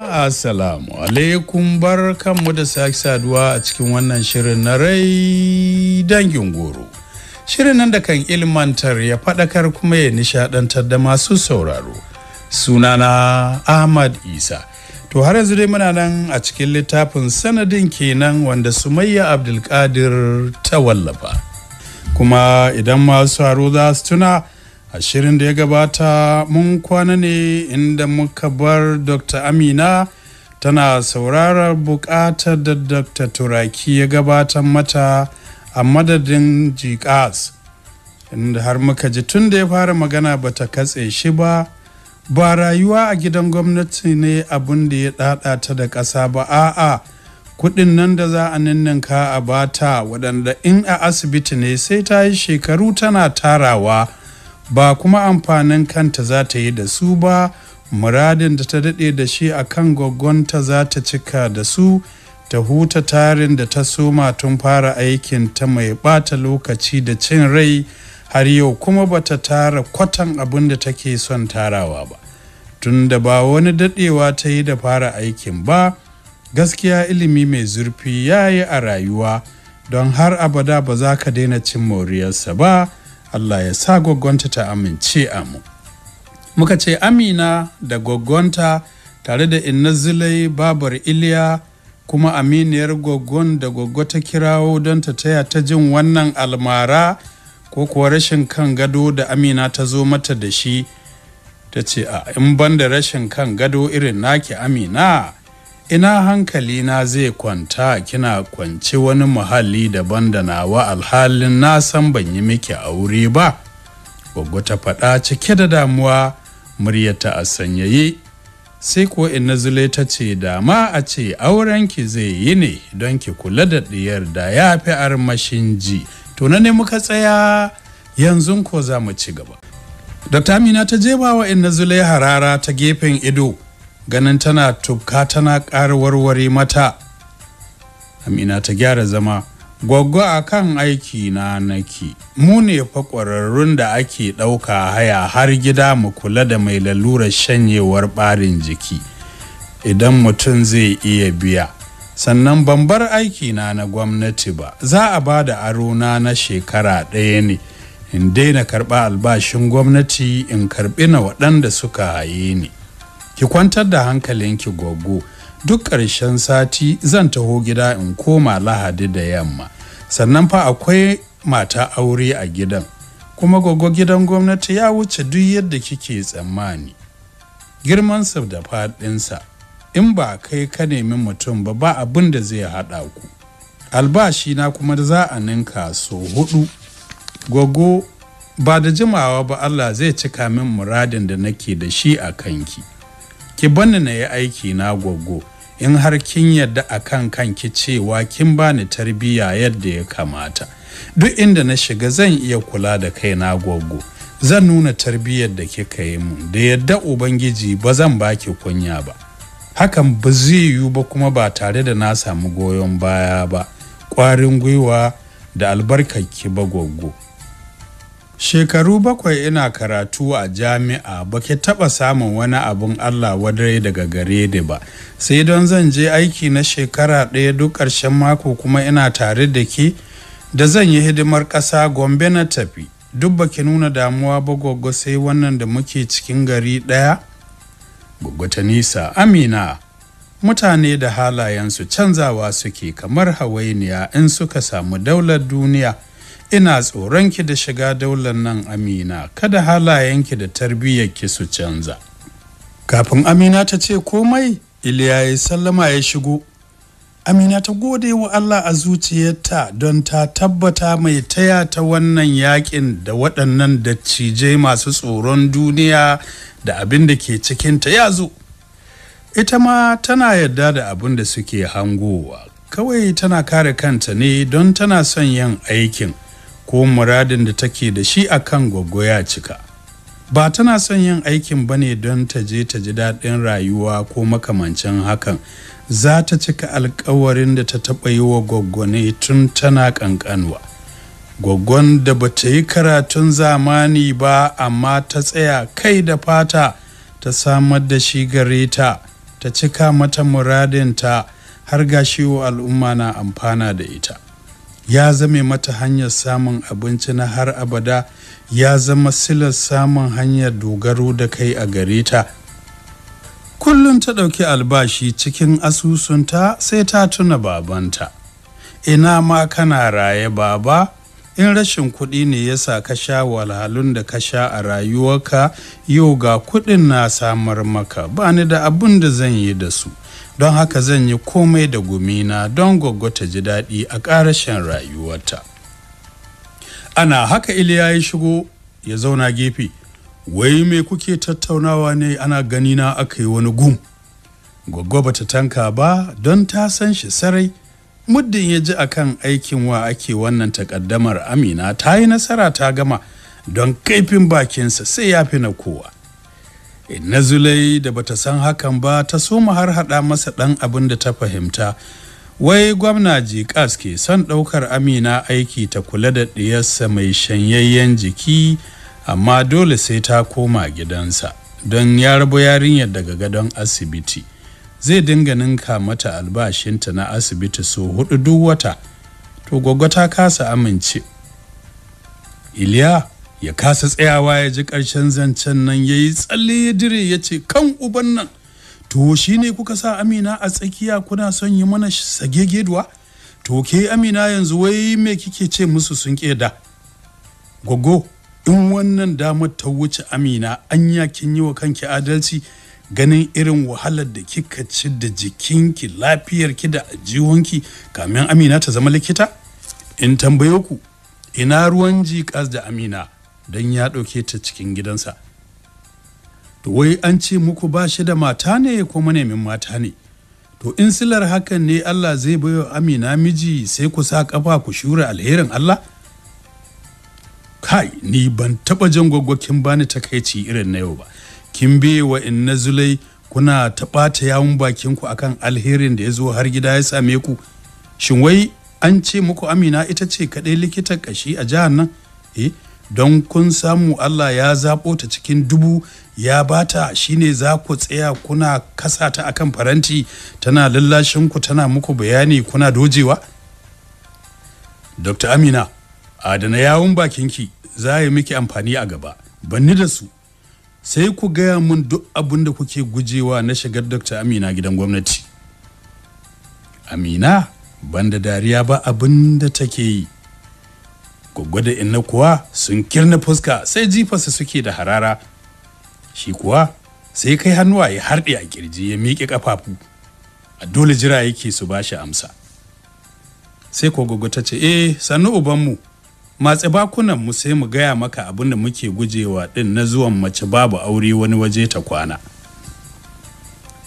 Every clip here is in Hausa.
Assalamu alaikum bar kanmu da sake saduwa a cikin wannan shirin na rai dangin goro. Shirin nan da kan ilmantar ya faɗakar kuma ya nishaɗantar da masu sauraro. Sunana Ahmad Isa. To har yanzu dai muna nan a cikin littafin sanadin kenan wanda Sumayya Abdulkadir ta wallafa. Kuma idan masu haro za su tuna Ashirin da ya gabata mun kwana ne inda muka bar dr amina tana saurarar buƙatar da dr turaki ya gabatar mata a madadin jikas inda har muka ji tun da ya fara magana ba ta katse shi ba ba rayuwa a gidan gwamnati ne abin da ya ɗaɗata ta da ƙasa ba a'a kuɗin nan da za a ninninka a bata waɗanda in a asibiti ne sai ta yi shekaru tana tarawa ba kuma amfanin kanta za ta yi da su ba muradin da ta daɗe da shi a kan gwaggonta za ta cika da su ta huta tarin da ta soma tun fara aikin ta mai ɓata lokaci da cin rai har yau kuma ba ta tara kwatan abin da take son tarawa ba tun da ba wani daɗewa ta yi da fara aikin ba gaskiya ilimi mai zurfi ya yi a rayuwa don har abada ba za ka daina cin moriyarsa ba Allah ya sa gwaggonta ta amince a mu. Muka ce Amina da gwaggonta tare da inna zilai babar Iliya kuma aminiyar gwaggon da gwaggo ta kirawo don ta taya ta jin wannan almara ko kuwa rashin kan gado da Amina ta zo mata da shi. Ta ce a in ban da rashin kan gado irin nake Amina ina hankali na zai kwanta kina kwanci wani muhalli daban da nawa alhalin na san ban yi miki aure ba gwaggo ta faɗa cike da damuwa muryata a sanyaye sai ko inna zule ta ce dama a ce aurenki zai yi ne don ki kula da ɗiyar da ya fi armashin ji to na ne muka tsaya yanzu ko za mu ci gaba Dr. Amina ta jebawa inna Zulai harara ta gefen ido ganin tana tubka tana ƙara mata amina ta gyara zama gwaggo a kan aiki na naki mu ne fa ƙwararrun da ake ɗauka haya har gida mu kula da mai lalurar shanyewar ɓarin jiki idan mutum zai iya biya sannan ban bar aiki na na gwamnati ba za a ba da arona na shekara ɗaya ne in daina karɓa albashin gwamnati in karɓi na waɗanda suka haye ni ki kwantar da hankalinki goggo duk ƙarshen sati zan taho gida in koma lahadi da yamma sannan fa akwai mata aure a gidan kuma goggo gidan gwamnati ya wuce duk yadda kike tsammani girmansa da faɗinsa in ba kai ka nemi mutum ba ba abin da zai haɗa ku Albashina na kuma za a ninka so hudu goggo ba da jimawa ba allah zai cika min muradin da nake da shi a kanki ki bani na yi aiki na gwaggo in har kin yadda a kan kanki cewa kin bani tarbiyya yadda ya kamata duk inda na shiga zan iya kula da kai na gwaggo zan nuna tarbiyyar da kika yi mun da yadda ubangiji ba zan baki kunya ba hakan ba zai yiwu ba kuma ba tare da na samu goyon baya ba ƙwarin gwiwa da albarkar ki ba gwaggo shekaru bakwai ina karatu a jami'a ba ke taɓa samun wani abun allah wadai daga gare da ba sai don zan je aiki na shekara ɗaya duk ƙarshen mako kuma ina tare da ke da zan yi hidimar ƙasa gombe na tafi duk ba ki nuna damuwa ba gwaggo sai wannan da muke cikin gari ɗaya gwaggo ta nisa amina mutane da halayensu canzawa suke kamar hawainiya in suka samu daular duniya ina tsoronki da shiga daular nan amina kada halayenki da tarbiyyar ki su canza kafin amina ta ce komai iliya ya sallama ya shigo amina ta gode wa allah a zuciyarta don ta tabbata mai taya ta wannan yakin da waɗannan dattijai masu tsoron duniya da abin da ke cikinta ya zo ita ma tana yarda da abin da suke hangowa kawai tana kare kanta ne don tana son yin aikin ko muradin da take da shi a kan ya cika ba tana son yin aikin ba ne don ta je ta ji daɗin rayuwa ko makamancin hakan za ta cika alkawarin da ta taɓa yi wa gwaggwane tun tana ƙanƙanwa Gwaggwan da ba ta yi karatun zamani ba amma ta tsaya kai da fata ta samar da shi gare ta ta cika mata muradinta har gashi wa al'umma na amfana da ita ya zame mata hanyar samun abinci na har abada ya zama silar samun hanyar dogaro da kai a gare ta kullum ta ɗauki albashi cikin asusunta sai ta tuna babanta ina ma kana raye baba in rashin kuɗi ne ya sa ka sha walhalun da ka sha a rayuwarka yau ga kuɗin na samar maka ba ni da abin da zan yi da su don haka zan yi komai da gumina don gwaggo ta ji daɗi a ƙarashen rayuwarta ana haka iliya ya shigo ya zauna gefe wai me kuke tattaunawa ne ana ganina aka yi wani gum gwaggo bata tanka ba don ta san shi sarai muddin ya ji akan aikin wa ake wannan takaddamar amina ta yi nasara ta gama don kaifin bakinsa sai ya fi na kowa inna zulai da bata san hakan ba ta soma har hada masa dan abin da ta fahimta wai gwamna jikas ke son daukar amina aiki ta kula da diyarsa mai shanyayyen jiki amma dole sai ta koma gidansa don ya rabu yarinyar daga gadon asibiti zai dinga ninka mata albashinta na asibiti so hudu duk wata to gwaggwa ta kasa amince iliya ya kasa tsayawa ya ji ƙarshen zancen nan ya yi tsalle ya dire ya ce kan uban nan to shi ne kuka sa amina a tsakiya kuna son yi mana sagegeduwa to ke amina yanzu wai me kike ce musu sun keda? gogo in wannan damar ta wuce amina anya kin yi wa kanki adalci ganin irin wahalar da kika ci da jikinki lafiyarki da ajiwonki kamin amina ta zama likita in tambaye ku ina ruwan jikas da amina don ya ɗauke ta cikin gidansa to wai an ce muku ba shi da mata ne ko manemin mata ne to in silar hakan ne allah zai baiwa amina miji sai ku sa ƙafa ku shura alherin allah kai ni ban taɓa jan gwaggwakin bani takaici irin na yau ba kin biye wa in na zulai kuna ta ɓata yawun ku akan alherin da ya zo har gida ya same ku shin wai an ce muku amina ita ce kaɗai likitan ƙashi a jihar nan eh don kun samu Allah ya zaɓo ta cikin dubu ya bata shine za ku tsaya kuna kasa ta akan faranti tana lallashin ku tana muku bayani kuna dojewa Dr. Amina adana yawun bakinki za yi miki amfani a gaba banni da su sai ku gaya mun duk abin da kuke gujewa na shigar Dr. Amina gidan gwamnati Amina ban da dariya ba abin da take yi gwaggwada inna kuwa sun kirna fuska sai jifarsa suke da harara shi kuwa sai kai hannuwa ya harɗe a kirji ya miƙe ƙafafu a dole jira yake su ba shi amsa sai ko ta ce eh sannu ubanmu matse bakunan mu sai mu gaya maka abin da muke gujewa din na zuwan mace babu aure wani waje ta kwana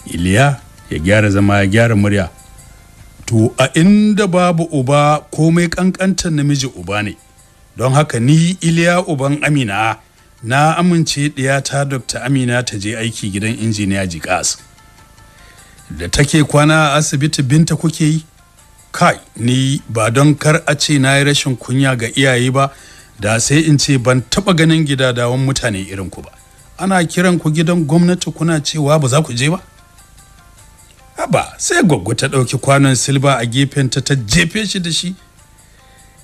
iliya ya gyara zama ya gyara murya to a inda babu uba komai kankantar namiji uba ne don haka ni iliya uban amina na amince ɗiyata dr amina ta je aiki gidan injiniya jikas da take kwana a asibiti binta kuke yi kai ni ba don kar a ce na yi rashin kunya ga iyaye ba da sai in ce ban taba ganin gidadawan mutane irin ku ba ana kiran ku gidan gwamnati kuna cewa ba za ku je ba haba sai gwaggo ta ɗauki kwanon silba a gefen ta ta jefe shi da shi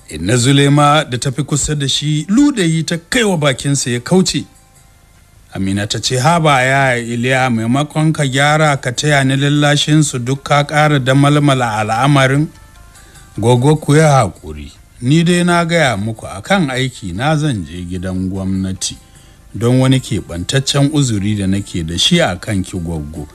inna zulema da ta fi kusa da shi ludayi ta kaiwa bakinsa ya kauce amina ta ce haba ya iliya maimakon ka gyara ka taya ni lallashin su duk ka kara da malmala al'amarin gogo ku ya haƙuri ni dai na gaya muku akan aiki na zan je gidan gwamnati don wani keɓantaccen uzuri da nake da shi akan ki gogo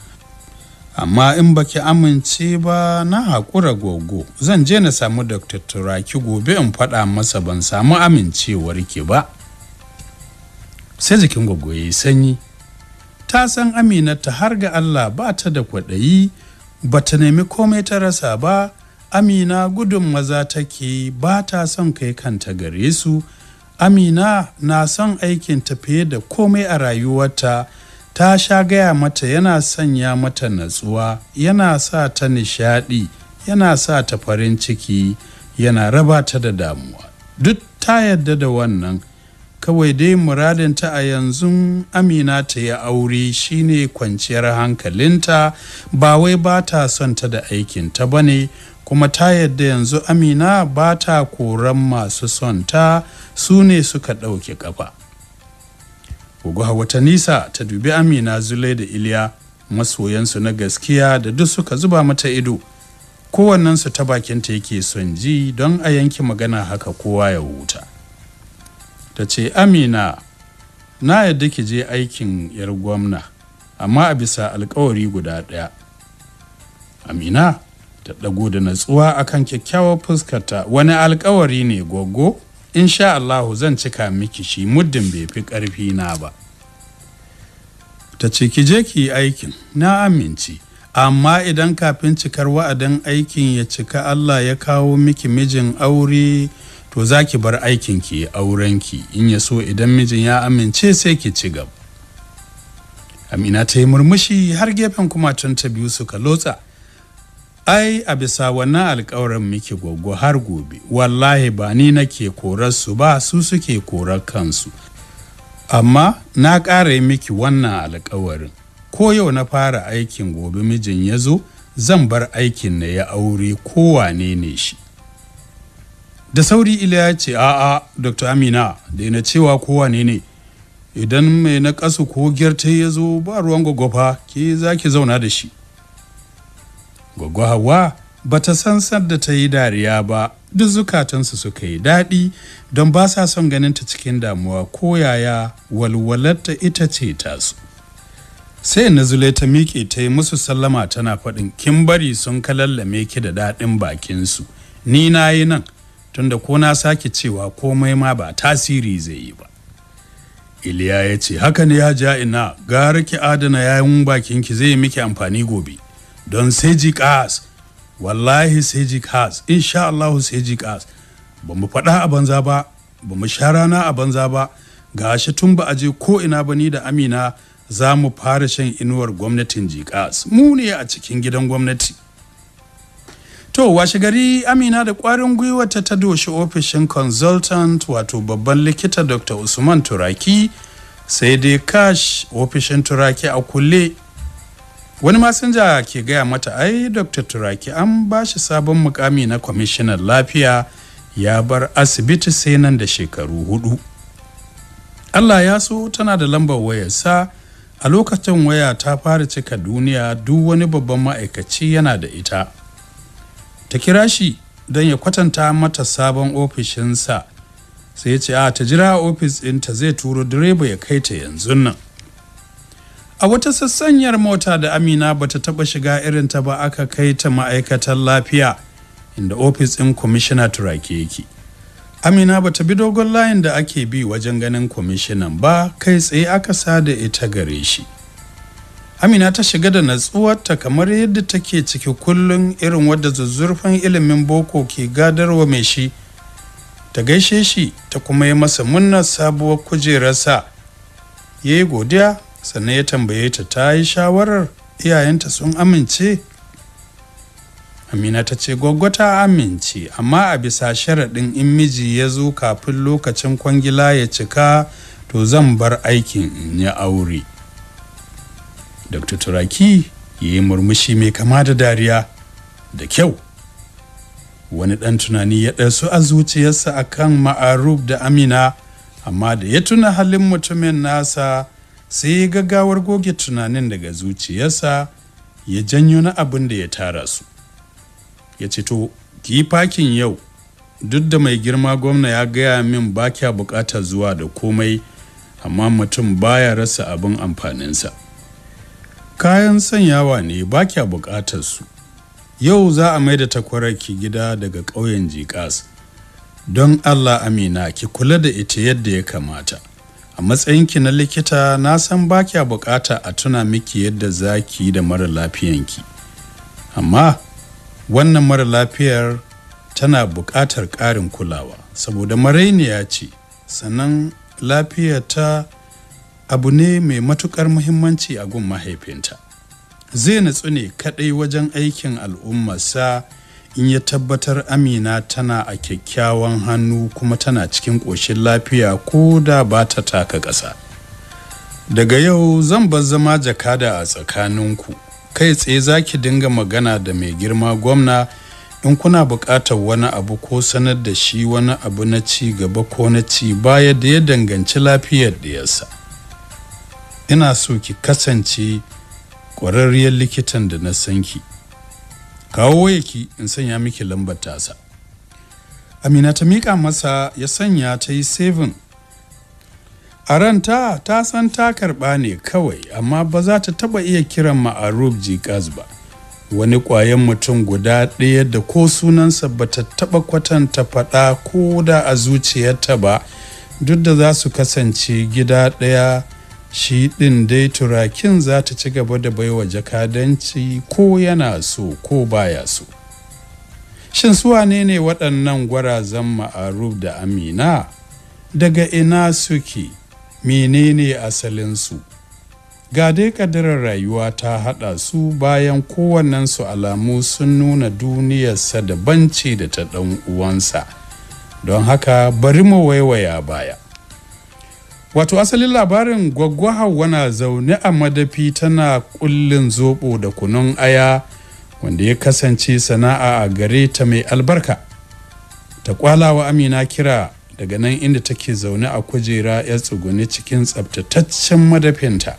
amma in baki amince ba na haƙura gogo zan je na samu dr turaki gobe in faɗa masa ban samu amincewar ki ba sai jikin gogo ya sanyi ta san amina ta har ga allah ba ta da kwaɗayi ba ta nemi komai ta rasa ba amina gudun maza take ba ta son kai kanta gare su amina na son aikin ta fiye da komai a rayuwarta ta sha gaya mata yana sanya mata natsuwa yana sa ta nishadi yana sa ta farin ciki yana raba ta da damuwa duk ta yadda da wannan kawai dai muradinta a yanzu amina ta yi aure shine kwanciyar hankalinta ba wai ba ta son ta da aikinta ba ne kuma ta yadda yanzu amina ba ta koran masu son ta su ne suka ɗauki ƙafa. Gogo wata ta nisa ta dubi Amina Zulai da Iliya masoyansu na gaskiya da duk suka zuba mata ido. Kowannensu ta bakinta yake son ji don a yanki magana haka kowa ya huta. Ta ce Amina na yadda ki je aikin yar gwamna amma a bisa alkawari guda ɗaya. Amina ta ɗago da natsuwa akan kyakkyawar fuskarta wani alkawari ne goggo. insha Allahu zan cika miki shi muddin bai fi ƙarfi na ba ta ce ki je ki aikin na aminci amma idan kafin cikar wa'adin aikin ya cika Allah ya kawo miki mijin aure to za ki bar aikin ki aurenki in ya so idan mijin ya amince sai ki ci gaba amina ta yi murmushi har gefen kuma tun biyu suka lotsa ai a bisa wannan alkawarin muke goggo har gobe wallahi ba ni nake su ba su suke korar kansu amma na ƙara yi miki wannan alkawarin ko yau na fara aikin gobe mijin ya zo zan bar aikin na ya aure kowane ne shi da sauri Ila ya ce a'a dr amina da na cewa kowane ne idan mai na ko girta ya zo ba ruwan gwagwafa ke za ki zauna da shi Gwaggo Hawa ba ta san sadda ta yi dariya ba duk zukatansu suka yi daɗi don ba sa son ganin ta cikin damuwa ko yaya walwalarta ita ce ta su. sai na zule ta miƙe ta yi musu sallama tana faɗin kin bari sun kalallame ki da daɗin bakinsu ni na yi nan tunda ko na sake cewa komai ma ba tasiri zai yi ba iliya ya ce haka ne ya ja ina gara ki adana yayin bakinki zai miki amfani gobe don sai ji wallahi sai ji ƙas insha Allah sai ji ba mu faɗa a banza ba ba mu sha rana a banza ba ga tun ba a je ko ina ba ni da amina za mu fara shan inuwar gwamnatin jikas mu ne a cikin gidan gwamnati to washe gari amina da kwarin gwiwa ta ta doshi ofishin consultant wato babban likita dr usman turaki sai dai kash ofishin turaki a kulle wani masinja ke gaya mata ai dr turaki an ba shi sabon mukami na kwamishinan lafiya ya bar asibiti sai nan da shekaru hudu allah ya so tana da lambar wayarsa a lokacin waya ta fara cika duniya duk wani babban ma'aikaci yana da ita ta kira shi don ya kwatanta mata sabon ofishinsa sai ce a ta jira ofis ɗinta zai turo direba ya kai ta yanzu nan a wata sassanyar mota da amina bata taba shiga irin ta ba aka kai ta ma'aikatan lafiya inda ofis ɗin kwamishina turake yake amina bata bi dogon layin da ake bi wajen ganin kwamishinan ba kai tsaye aka sa da ita gare shi amina ta shiga da natsuwarta kamar yadda take ciki kullum irin wadda zuzzurfan ilimin boko ke gadarwa mai shi ta gaishe shi ta kuma yi masa munna sabuwar kujerarsa ya yi godiya sannan ya tambaye ta ta yi shawarar iyayenta sun amince amina ta ce gwaggwa ta amince amma a bisa sharaɗin in miji ya zo kafin lokacin kwangila ya cika to zan bar aikin in yi aure dr turaki ya yi murmushi mai kama da dariya da kyau wani ɗan tunani ya ɗarsu a zuciyarsa a kan ma'arub da amina amma da ya tuna halin mutumin nasa sai ya gaggawar goge tunanin daga zuciyarsa ya janyo na abin da ya tara su ya ce to ki fakin yau duk da mai girma gwamna ya gaya min ba kya bukata zuwa da komai amma mutum baya rasa abin amfaninsa kayan sanyawa ne ba kya bukatar su yau za a mai da ki gida daga ƙauyen jikas don allah amina ki kula da ita yadda ya kamata a matsayinki na likita na san ba kya bukata a tuna miki yadda za ki yi da mara lafiyanki amma wannan mara lafiyar tana buƙatar ƙarin kulawa saboda marainiya ce sannan ta abu ne mai matuƙar muhimmanci a gun mahaifinta zai natsu ne kaɗai wajen aikin al'ummarsa in ya tabbatar amina tana a kyakkyawan hannu kuma tana cikin ƙoshin lafiya ko da ba ta taka ƙasa daga yau zan bar zama jakada a tsakaninku kai tsaye za ki dinga magana da mai girma gwamna in kuna buƙatar wani abu ko sanar da shi wani abu na ci gaba ko na ci baya da ya danganci lafiyar ɗiyarsa ina so ki kasance ƙwararriyar likitan da na san ki kawo ki, in sanya miki lambar tasa amina ta mika masa ya sanya ta yi seven a ranta ta san ta karɓa ne kawai amma ba za ta taɓa iya kiran ma'arub jikas ba wani ƙwayan mutum guda ɗaya da ko sunansa ba ta taɓa kwatanta faɗa ko da a zuciyarta ba duk da za su kasance gida ɗaya shi ɗin dai turakin za ta ci gaba da baiwa jakadanci ko yana so ko baya so shin su ne ne waɗannan gwarazan ma'aruf da amina daga ina suke menene asalinsu ga dai ƙadirar rayuwa ta haɗa su bayan kowannensu alamu sun nuna duniyarsa da banci da ta ɗan uwansa don haka bari mu waiwaya baya wato asalin labarin gwaggwa hawa na zaune a madafi tana kullin zobo da kunun aya wanda ya kasance sana'a a gare ta mai albarka ta kwalawa amina kira daga nan inda take zaune a kujera ya tsuguni cikin tsabtataccen madafinta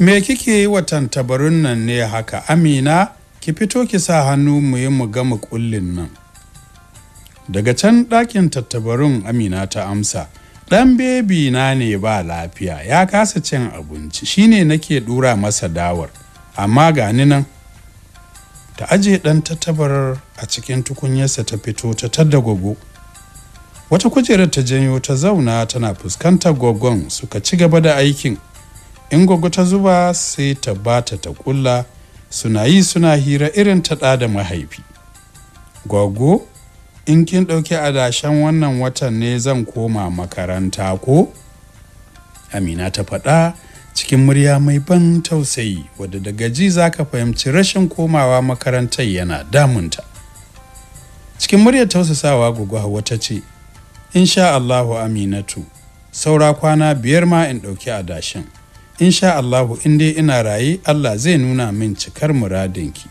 me kike yi wa tantabarun nan ne haka amina ki fito ki sa hannu mu yi mu gama kullin nan daga can ɗakin tattabarun amina ta amsa ɗan bebi na ne ba lafiya ya kasa cin abinci shine nake ɗura masa dawar amma gani nan ta aje ɗan tattabar a cikin tukunyarsa ta fito ta tadda gogo wata kujerar ta janyo ta zauna tana fuskantar gwaggon suka ci gaba da aikin in gogo ta zuba sai ta bata ta kulla suna yi suna hira irin ta da mahaifi gogo in kin ɗauki adashen wannan watan ne zan koma makaranta ko amina ta faɗa cikin murya mai ban tausayi wadda daga ji za ka fahimci rashin komawa makarantar yana damunta cikin muryar tausasawa guguwa wata ce insha allahu aminatu saura kwana biyar ma in ɗauki adashin insha allahu in dai ina raye allah zai nuna min cikar muradinki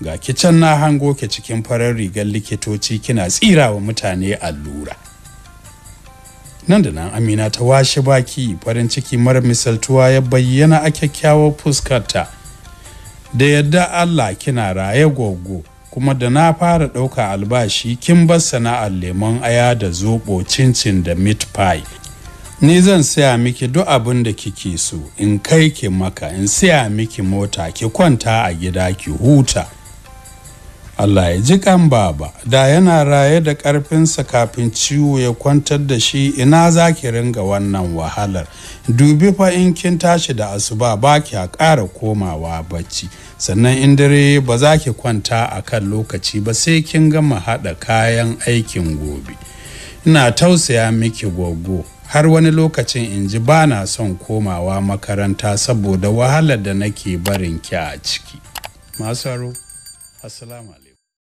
ga kicin na hango ke cikin farar rigar likitoci kina tsira wa mutane allura nan da nan amina ta washe baki farin ciki mara misaltuwa ya bayyana a kyakkyawar fuskarta da yadda allah kina raye gogo kuma da na fara ɗauka albashi kin bar sana'ar lemon aya da zoɓo cincin da meat pie ni zan saya miki duk abin da kike so in kai ki maka in saya miki mota ki kwanta a gida ki huta Allah ya ji kan baba da yana raye da ƙarfinsa kafin ciwo ya kwantar da shi ina za ki ringa wannan wahalar dubi fa in kin tashi da asuba ba ki a ƙara komawa bacci sannan in dare ba za ki kwanta a kan lokaci ba sai kin gama haɗa kayan aikin gobe ina tausaya miki gogo har wani lokacin in ji ba na son komawa makaranta saboda wahalar da nake barin ki a ciki masu Assalamu alaikum.